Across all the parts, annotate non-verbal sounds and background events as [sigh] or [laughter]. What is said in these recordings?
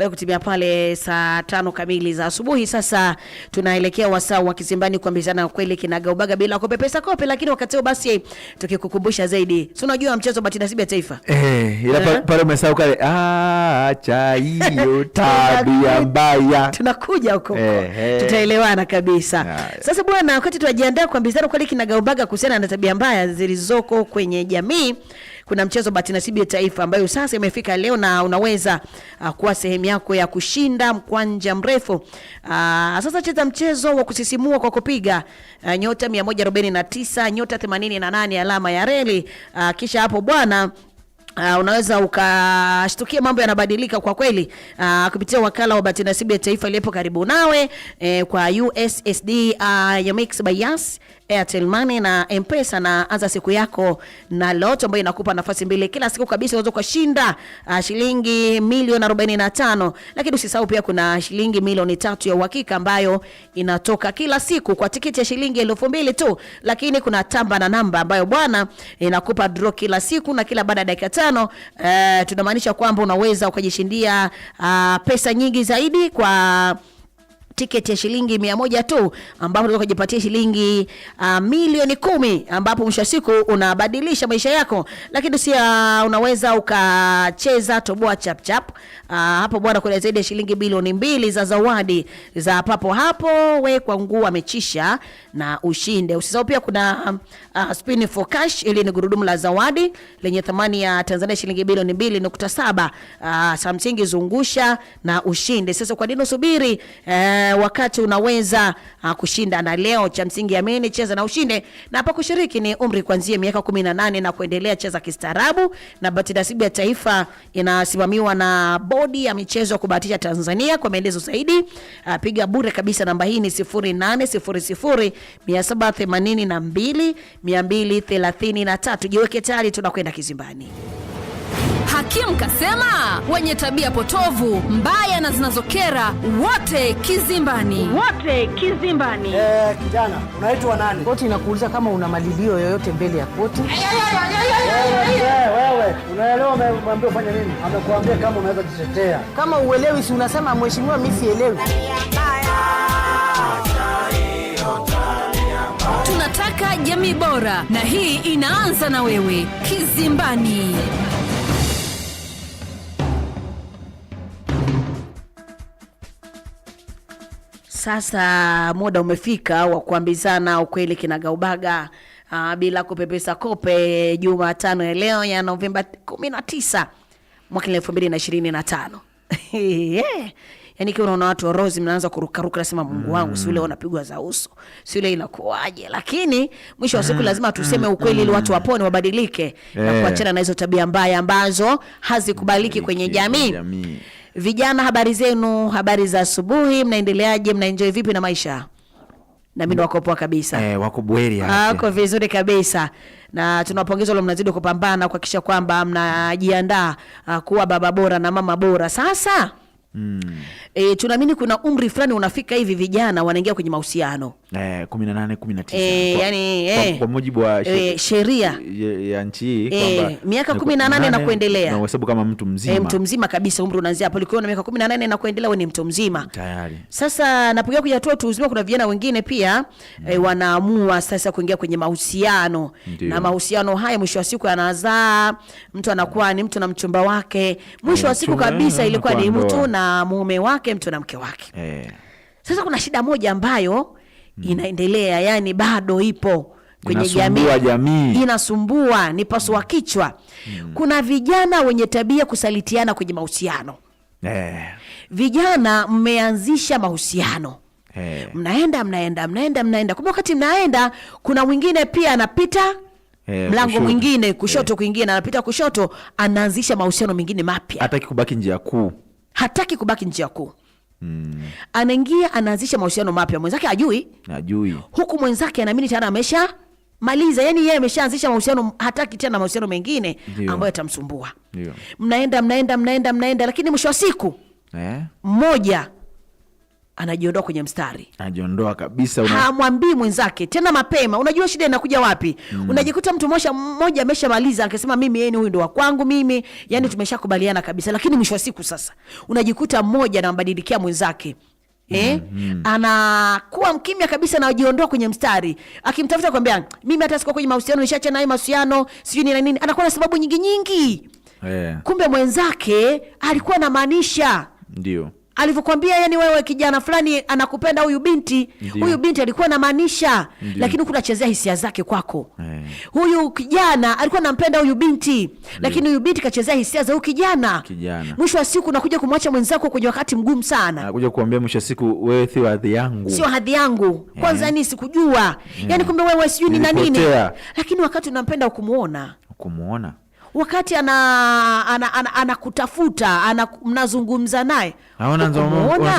baada kutimia pale saa tano kamili za asubuhi. Sasa tunaelekea wasaa wa Kizimbani kuambizana kweli kinagaubaga bila kupepesa kope, lakini wakati huo basi tukikukumbusha zaidi, si unajua mchezo bahati nasibu ya taifa eh, ila uh-huh. pale umesahau kale, ah, acha hiyo [laughs] tabia mbaya tunakuja huko eh, eh, tutaelewana kabisa nah. Sasa bwana, wakati tunajiandaa kuambizana kweli kinagaubaga kuhusiana na tabia mbaya zilizoko kwenye jamii kuna mchezo bahati nasibu ya taifa ambayo sasa imefika leo na unaweza uh, kuwa sehemu yako ya kushinda mkwanja mrefu. Uh, sasa cheza mchezo wa kusisimua kwa kupiga uh, nyota 149 nyota 88 alama ya reli uh, kisha hapo bwana Uh, unaweza ukashtukia mambo yanabadilika kwa kweli, uh, kupitia wakala wa bahati nasibu ya taifa iliyopo karibu nawe, eh, kwa USSD uh, Yamix by Yas Airtel Money na Mpesa na anza siku yako na Loto ambayo inakupa nafasi mbili kila siku kabisa, unaweza kushinda uh, ah, shilingi milioni 45, lakini usisahau pia kuna shilingi milioni tatu ya uhakika ambayo inatoka kila siku kwa tiketi ya shilingi elfu mbili tu, lakini kuna tamba na namba ambayo bwana inakupa draw kila siku na kila baada ya dakika tano. Uh, tunamaanisha kwamba unaweza ukajishindia uh, pesa nyingi zaidi kwa tiketi ya shilingi mia moja tu, ambapo unaweza kujipatia shilingi uh, milioni kumi, ambapo mwisho wa siku unabadilisha maisha yako. Lakini si uh, unaweza ukacheza toboa chap chap uh, hapo bwana, kuna zaidi ya shilingi bilioni mbili za zawadi za papo hapo, we kwa nguo amechisha na ushinde. Usisahau pia kuna uh, spin for cash, ili ni gurudumu la zawadi lenye thamani ya Tanzania shilingi bilioni mbili nukta saba. Uh, samsingi zungusha na ushinde. Sasa kwa nini usubiri eh, Eh, wakati unaweza uh, kushinda, na leo cha msingi amini, cheza na ushinde. Na hapa kushiriki ni umri kuanzia miaka 18 na kuendelea, cheza kistaarabu. Na bahati nasibu ya taifa inasimamiwa na bodi ya michezo kubatisha kubahatisha Tanzania. Kwa maelezo zaidi uh, piga bure kabisa namba hii ni 0800 782 233. Jiweke tayari, tunakwenda kizimbani. Mahakimu kasema wenye tabia potovu mbaya na zinazokera wote kizimbani, wote kizimbani. Eh, kijana unaitwa nani? Koti inakuuliza kama una malilio yoyote mbele ya koti. Wewe unaelewa umeambia ufanye nini? Amekuambia kama unaweza kujitetea. Kama uelewi, si unasema mheshimiwa, mimi sielewi. Tunataka jamii bora, na hii inaanza na wewe. Kizimbani. Sasa muda umefika wa kuambizana ukweli kinagaubaga, uh, bila kupepesa kope. Jumatano ya leo ya Novemba 19 mwaka 2025 [laughs] yeah. Yaani kiwa unaona watu wa Rose mnaanza kurukaruka, nasema Mungu mm. wangu, si yule unapigwa za uso, si yule inakuaje? Lakini mwisho wa siku mm. lazima tuseme mm. ukweli ili watu wapone, wabadilike yeah, na kuachana na hizo tabia mbaya ambazo hazikubaliki kwenye jamii. Vijana, habari zenu, habari za asubuhi, mnaendeleaje? Mnaenjoy vipi na maisha? Na mimi wako poa kabisa. Eh, wako bweri hapa. Wako vizuri kabisa. Na tunawapongeza leo mnazidi kupambana kuhakikisha kwamba mnajiandaa ah, kuwa baba bora na mama bora. Sasa, mm. E, tunaamini kuna umri fulani unafika hivi vijana wanaingia kwenye mahusiano. Eh, 18 19 eh, kwa, yani, eh, kwa mujibu wa eh, sheria eh, ya nchi hii eh, miaka 18 na kuendelea unahesabu kama mtu eh, mzima eh, mtu mzima kabisa, umri unaanzia hapo. Ukiona miaka 18 na kuendelea wewe ni mtu mzima tayari. Sasa napokuja kuja tu uzima, kuna vijana wengine pia eh, mm. eh, wanaamua sasa kuingia kwenye mahusiano na mahusiano haya mwisho wa siku yanazaa mtu anakuwa ni mtu na mchumba wake, mwisho wa siku kabisa ilikuwa ni mtu na mume wake, mtu na mke wake eh. Sasa kuna shida moja ambayo Mm. inaendelea, yani bado ipo kwenye inasumbua jamii, inasumbua ni pasua mm. kichwa mm. Kuna vijana wenye tabia kusalitiana kwenye mahusiano eh. Vijana mmeanzisha mahusiano eh. Mnaenda mnaenda mnaenda mnaenda, kumbe wakati mnaenda kuna mwingine pia anapita eh, mlango kushoto. Mwingine eh. kushoto Kuingia na anapita kushoto, anaanzisha mahusiano mengine mapya, hataki kubaki njia kuu, hataki kubaki njia kuu Mm. Anaingia anaanzisha mahusiano mapya, mwenzake ajui, ajui, huku mwenzake anaamini tayari amesha maliza, yani yeye ameshaanzisha mahusiano, hataki tena mahusiano mengine ambayo yatamsumbua. Mnaenda mnaenda mnaenda mnaenda, lakini mwisho wa siku eh, mmoja anajiondoa kwenye mstari, anajiondoa kabisa, una... hamwambii mwenzake tena mapema. Unajua shida inakuja wapi? mm. Unajikuta mtu mmoja mmoja ameshamaliza akasema, mimi yeye ni huyu ndo wa kwangu mimi, yani mm. tumeshakubaliana kabisa, lakini mwisho wa siku sasa unajikuta mmoja anambadilikia mwenzake Eh, mm -hmm. Anakuwa mkimya kabisa na ajiondoa kwenye mstari, akimtafuta kwambia mimi hata siko kwenye mahusiano, nishaacha naye mahusiano, sijui ni nini, anakuwa na sababu nyingi nyingi, yeah. Kumbe mwenzake alikuwa anamaanisha ndio alivyokwambia yani, wewe kijana fulani anakupenda huyu binti huyu binti alikuwa anamaanisha, lakini huku nachezea hisia zake kwako Ae. Eh. huyu kijana alikuwa anampenda huyu binti Ndiyo. lakini huyu binti kachezea hisia za huyu kijana, kijana. mwisho wa siku nakuja kumwacha mwenzako kwenye wakati mgumu sana, nakuja kuambia mwisho wa siku wewe sio hadhi yangu, sio hadhi yangu eh. kwanza, ni sikujua, yani eh. kumbe wewe sijui ni na nini, lakini wakati unampenda ukumuona ukumuona wakati anakutafuta ana, ana, ana ana, mnazungumza naye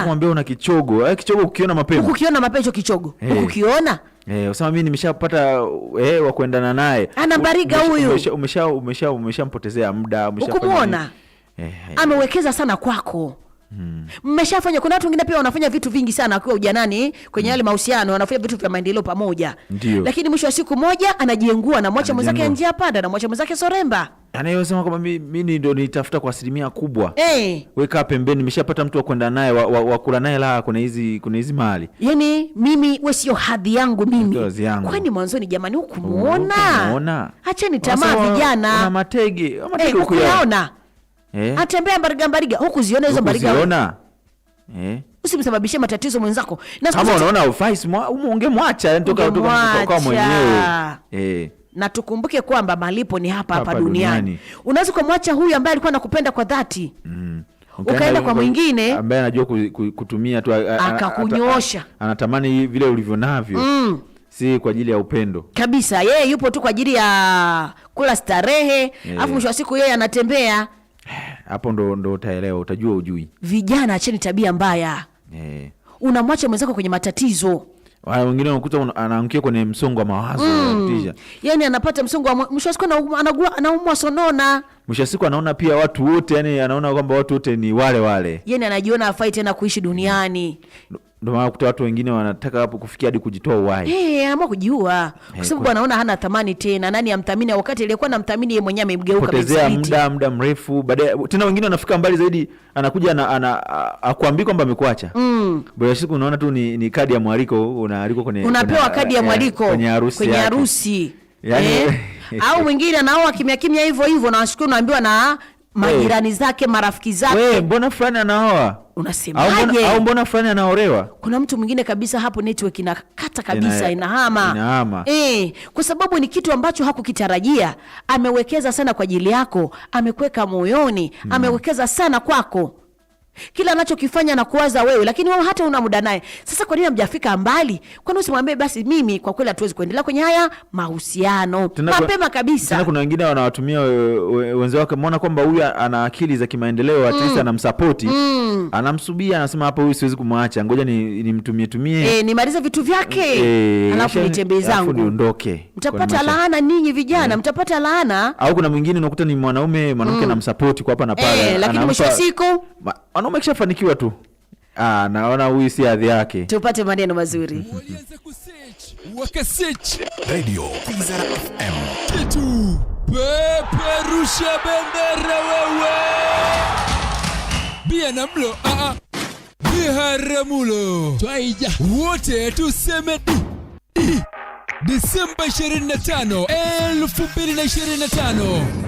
kumwambia una kichogo eh, kichogo, ukiona mapema ukiona mapema hicho kichogo eh. ukiona Eh, usema mimi nimeshapata eh, wa kuendana naye. Anambariga huyu. Umesha umesha umesha muda, umesha. Eh, eh, amewekeza sana kwako. Hmm. mmeshafanya. Kuna watu wengine pia wanafanya vitu vingi sana wakiwa ujanani kwenye hmm. yale mahusiano, wanafanya vitu vya maendeleo pamoja, lakini mwisho wa siku moja anajiengua, namwacha mwenzake njia panda, namwacha mwenzake soremba anayosema kwamba mimi ndo nitafuta kwa asilimia kubwa hey. Eh. Weka pembeni, nimeshapata mtu wa kwenda naye wa, wa, wa naye la kuna hizi kuna hizi mali, yani mimi we sio hadhi yangu mimi, kwani mwanzoni jamani, hukumuona? Acheni tamaa vijana, matege eh, matege, hukuyaona eh, atembea mbariga mbariga, huku ziona hizo mbariga ziona eh, usimsababishie matatizo mwenzako. Na kama unaona ufai ungemwacha, yani toka toka kwa mwenyewe eh na tukumbuke kwamba malipo ni hapa hapa duniani. duniani. Unaweza kumwacha huyu ambaye alikuwa anakupenda kwa dhati mm. Okay, ukaenda kwa mwingine ambaye anajua kutumia tu, akakunyosha, anatamani vile ulivyo navyo mm. si kwa ajili ya upendo kabisa. Yeye yupo tu kwa ajili ya kula starehe, eh. alafu yeah. mwisho wa siku yeye anatembea hapo ndo, ndo utaelewa, utajua ujui. Vijana acheni tabia mbaya eh. Unamwacha mwenzako kwenye matatizo wengine unakuta anaangukia kwenye msongo wa mawazo mm. Yani anapata msongo wa mwisho wa siku anaumwa sonona, mwisho wa siku anaona pia watu wote, yani anaona kwamba watu wote ni wale wale, yani anajiona afai tena kuishi duniani mm ndio maana kuta watu wengine wanataka hapo kufikia hadi kujitoa uhai. Eh, hey, ama kujiua. Kwa sababu bwana anaona hana thamani tena. Nani amthamini wakati aliyekuwa anamthamini yeye mwenyewe amemgeuka kabisa. Muda muda mrefu baadaye tena wengine wanafika mbali zaidi anakuja na ana akuambia kwamba amekuacha. Mm. Bila siku unaona tu ni, ni kadi ya mwaliko unaalikwa kwenye unapewa kadi ya eh, mwaliko kwenye harusi. Kwenye harusi. Yaani eh, [laughs] au mwingine anaoa kimya kimya hivyo hivyo na washukuru naambiwa na eh. majirani zake, marafiki zake. Wewe eh, mbona fulani anaoa? unasemaje? Au mbona fulani anaolewa? Kuna mtu mwingine kabisa hapo network inakata kabisa, inahama, inahama. Eh, kwa sababu ni kitu ambacho hakukitarajia. Amewekeza sana kwa ajili yako, amekuweka moyoni, mm. amewekeza sana kwako kila anachokifanya na kuwaza wewe, lakini wewe hata una muda naye. Sasa kwa nini hamjafika mbali? Kwani usimwambie basi, mimi kwa kweli hatuwezi kuendelea kwenye haya mahusiano mapema kabisa. Tena kuna wengine wanawatumia wenzao wake, muona kwamba huyu ana akili za kimaendeleo, at least mm. anamsapoti mm. anamsubia, anasema hapo, huyu siwezi kumwacha, ngoja nimtumie tumie, eh, nimalize vitu vyake e, alafu yaani, nitembee zangu, niondoke. Mtapata laana ninyi vijana yeah. mtapata laana. Au kuna mwingine unakuta ni mwanaume mwanamke mm. anamsapoti mm. kwa hapa na pale e, lakini mwisho siku Wanaume kishafanikiwa tu. Ah, naona huyu si adhi yake. Tupate maneno mazuri. [laughs] peperusha bendera wewe. Bia na mlo. Ah, ah. Biharamulo. Twaija. Wote tuseme Disemba 25, 2025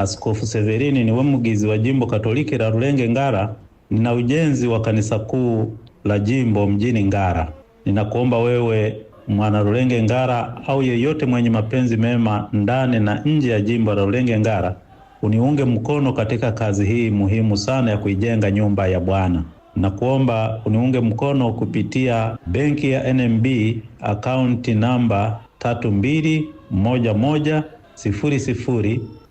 Askofu Severini ni Wemugizi wa jimbo Katoliki la Rulenge Ngara. Nina ujenzi wa kanisa kuu la jimbo mjini Ngara. Ninakuomba wewe mwana Rulenge Ngara au yeyote mwenye mapenzi mema ndani na nje ya jimbo la Rulenge Ngara uniunge mkono katika kazi hii muhimu sana ya kuijenga nyumba ya Bwana. Nakuomba uniunge mkono kupitia benki ya NMB akaunti namba tatu mbili moja moja sifuri sifuri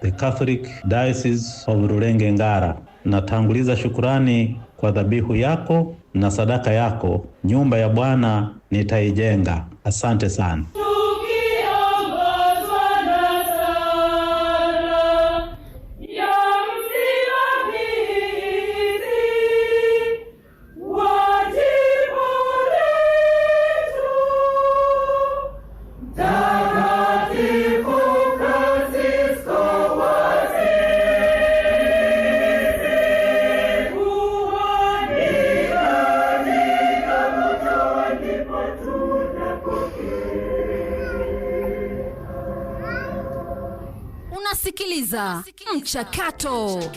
The Catholic Diocese of Rulenge Ngara. Natanguliza shukurani kwa dhabihu yako na sadaka yako. Nyumba ya Bwana nitaijenga. Asante sana. mchakato.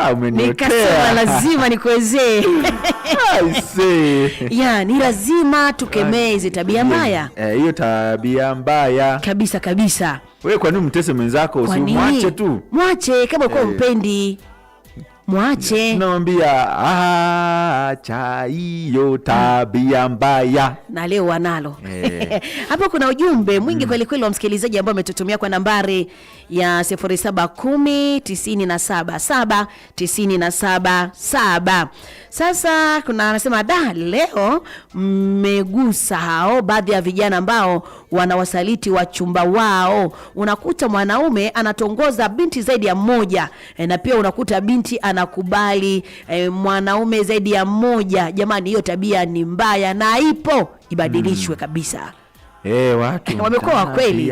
Ah, nikasema lazima nikuwezee. [laughs] Ya, ni lazima tukemee hizi tabia mbaya, eh, hiyo tabia mbaya kabisa kabisa. Wewe kwa nini mtese mwenzako? Usimwache tu, mwache kama ulikuwa eh. umpendi mwache. Naambia acha hiyo tabia mbaya, na leo wanalo eh. [laughs] hapo hey. Kuna ujumbe mwingi mm. kweli kweli wa msikilizaji ambao ametutumia kwa nambari ya 0710977977. Sasa kuna anasema da, leo mmegusa hao baadhi ya vijana ambao wanawasaliti wachumba wao. Unakuta mwanaume anatongoza binti zaidi ya mmoja e, na pia unakuta binti ana anakubali eh, mwanaume zaidi ya mmoja. Jamani, hiyo tabia ni mbaya na ipo ibadilishwe mm. kabisa. Hey, eh, watu eh, wamekuwa wakweli,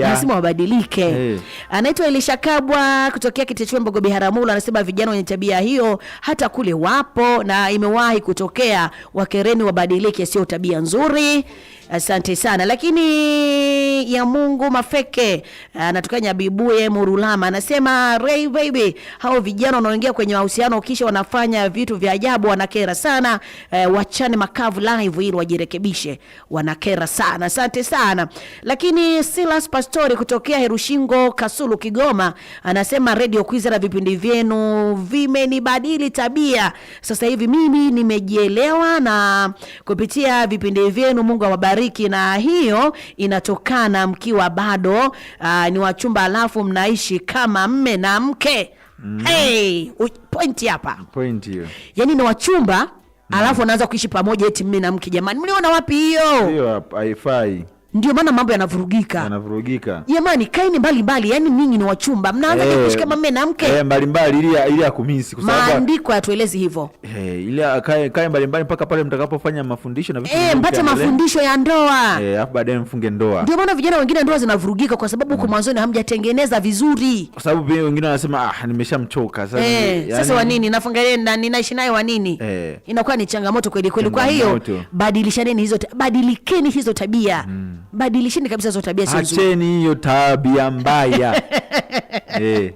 lazima wabadilike. Hey. Eh. Anaitwa Elisha Kabwa kutokea Kitechwe mbogo Biharamulo, anasema vijana wenye tabia hiyo hata kule wapo na imewahi kutokea. Wakereni wabadilike, sio tabia nzuri. Asante sana lakini ya Mungu Mafeke anatoka Nyabibuye Murulama, anasema Ray baby, hao vijana wanaoingia kwenye mahusiano kisha wanafanya vitu vya ajabu, wanakera sana e, wachane makavu live ili wajirekebishe, wanakera sana. Asante sana lakini Silas Pastori kutokea Herushingo Kasulu Kigoma anasema Radio Kwizera na vipindi vyenu vimenibadili tabia, sasa hivi mimi nimejielewa na kupitia vipindi vyenu. Mungu awabariki kufariki, na hiyo inatokana mkiwa bado uh, ni wachumba, alafu mnaishi kama mme na mke mm. Hey, point hapa, point hiyo, yani ni wachumba mhm. alafu anaanza kuishi pamoja eti mme na mke. Jamani, mliona wapi hiyo? Hiyo haifai. Ndio maana mambo yanavurugika. Yanavurugika. Jamani, kaini mbali mbali, yani ninyi ni wachumba. Mnaanza hey, eh, kushika mume na mke. hey, eh, mbali mbali ili ili akumisi, kwa sababu maandiko yatuelezi hivyo. Eh, ili kae kae mbali mbali mpaka pale mtakapofanya mafundisho na vitu. Eh, mpate mafundisho ya ndoa. Eh, alafu baadaye mfunge ndoa. Ndio maana vijana wengine ndoa zinavurugika kwa sababu huko mm, mwanzoni hamjatengeneza vizuri. Kwa sababu wengine wanasema ah, nimeshamchoka sasa. hey, eh, yani, sasa wa nini? Nafunga yeye na ninaishi naye wa nini? hey, Inakuwa ni changamoto kweli kweli. Kwa hiyo badilishaneni hizo badilikeni hizo tabia. Mm badilisheni kabisa zo tabia, Acheni hiyo tabia mbaya [laughs] eh.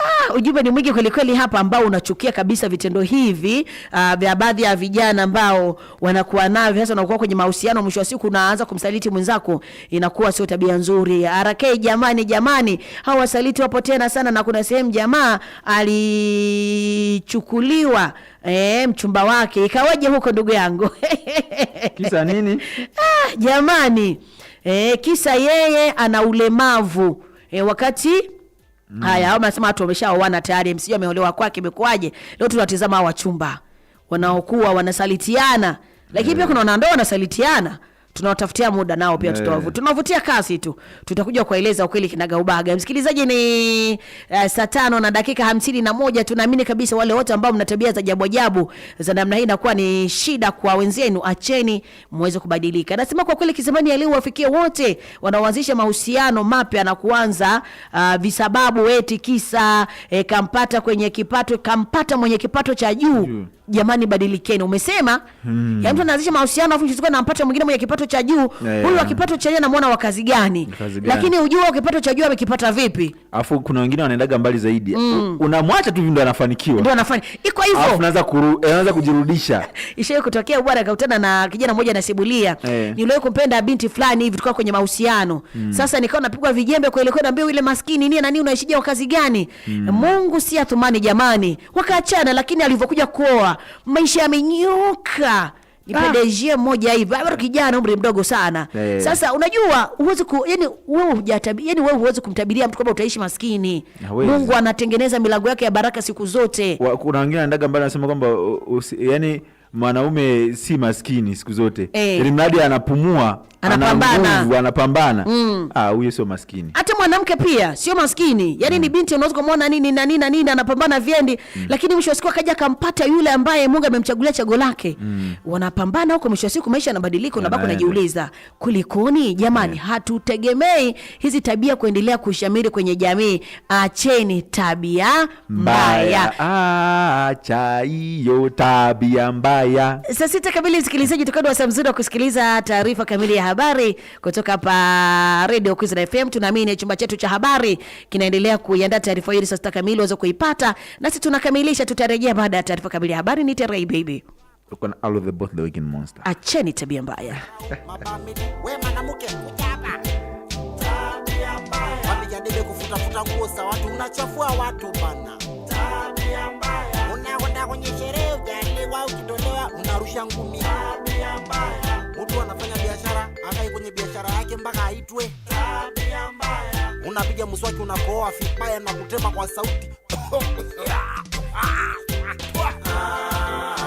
Ah, ujumbe ni mwingi kwelikweli hapa ambao unachukia kabisa vitendo hivi uh, vya baadhi ya vijana ambao wanakuwa navyo hasa unakuwa kwenye mahusiano, mwisho wa siku unaanza kumsaliti mwenzako, inakuwa sio tabia nzuri. RK, jamani jamani, hao wasaliti wapo tena sana, na kuna sehemu jamaa alichukuliwa Eh, mchumba wake ikawaje huko ndugu yangu? [laughs] Kisa nini? Ah, jamani e, kisa yeye ana ulemavu e, wakati mm. Haya, nasema watu wameshaoana tayari, msio ameolewa kwake imekuwaje. Leo tunatizama wachumba wanaokuwa wanasalitiana, lakini pia eh. kuna wanandoa wanasalitiana tunawatafutia muda nao pia eh. tutawavutia, tunawavutia kasi tu, tutakuja kueleza ukweli kinagaubaga. Msikilizaji, ni uh, saa tano na dakika hamsini na moja. Tunaamini kabisa wale wote ambao mna tabia za ajabu ajabu za namna hii inakuwa ni shida kwa wenzenu, acheni muweze kubadilika. Nasema kwa kweli kisimani leo wafikie wote wanaoanzisha mahusiano mapya na kuanza uh, visababu eti kisa eh, kampata kwenye kipato kampata mwenye kipato cha juu mm-hmm jamani, badilikeni. Umesema hmm. ya yaani mtu anaanzisha mahusiano afu mshtuko nampata mwingine mwenye kipato cha juu yeah, huyu wa kipato cha juu anamwona wakazi gani? Lakini ujua wa kipato cha juu amekipata vipi? Afu kuna wengine wanaendaga mbali zaidi mm. unamwacha tu ndio anafanikiwa, ndio anafanya iko hivyo, afu anaanza kuru, anaanza eh, kujirudisha. [laughs] Ishaye kutokea bwana akakutana na kijana mmoja anasibulia yeah. niliwahi kumpenda binti fulani hivi, tulikuwa kwenye mahusiano mm. Sasa nikawa napigwa vijembe kwa ile kwenda mbio ile maskini nini na nini, unaishije wa gani mm. Mungu si athumani jamani, wakaachana, lakini alivyokuja kuoa maisha yamenyoka nipedeje ah. mmoja hivi bado kijana umri mdogo sana hey. Eh, eh. Sasa unajua huwezi ku yani wewe hujatabiri yani wewe huwezi kumtabiria mtu kwamba utaishi maskini Hawezi. Mungu anatengeneza milango yake ya baraka siku zote. kuna wengine ndaga mbali anasema kwamba yani mwanaume si maskini siku zote hey. Eh. Ili mradi anapumua anapambana nguvu, anapambana mm. Ah, huyo sio maskini. Hata mwanamke pia sio maskini yani mm. Ni binti unaweza kumwona nini na nini na nini anapambana vyendi mm. Lakini mwisho wa siku akaja akampata yule ambaye Mungu amemchagulia chago lake mm. Wanapambana huko, mwisho wa siku maisha yanabadilika, unabaki unajiuliza kulikoni jamani yeah. Hatutegemei hizi tabia kuendelea kushamiri kwenye jamii. Acheni tabia mbaya, acha hiyo tabia mbaya. Sasa sita kamili, msikilizaji, tukao wa kusikiliza taarifa kamili ya habari kutoka hapa Radio Kwizera FM. Tunaamini chumba chetu cha habari kinaendelea kuiandaa taarifa hiyo sasa sita kamili uweze kuipata, nasi tunakamilisha. Tutarejea baada ya taarifa kamili ya habari. Ni Terai Baby. All of the Acheni tabia mbaya unakwenda kwenye sherehe, ukitolewa unarusha ngumi. Tabia mbaya kwenye biashara yake mpaka aitwe. Tabia mbaya, unapiga mswaki, unakoa vibaya na kutema kwa sauti [laughs] ah, ah, ah,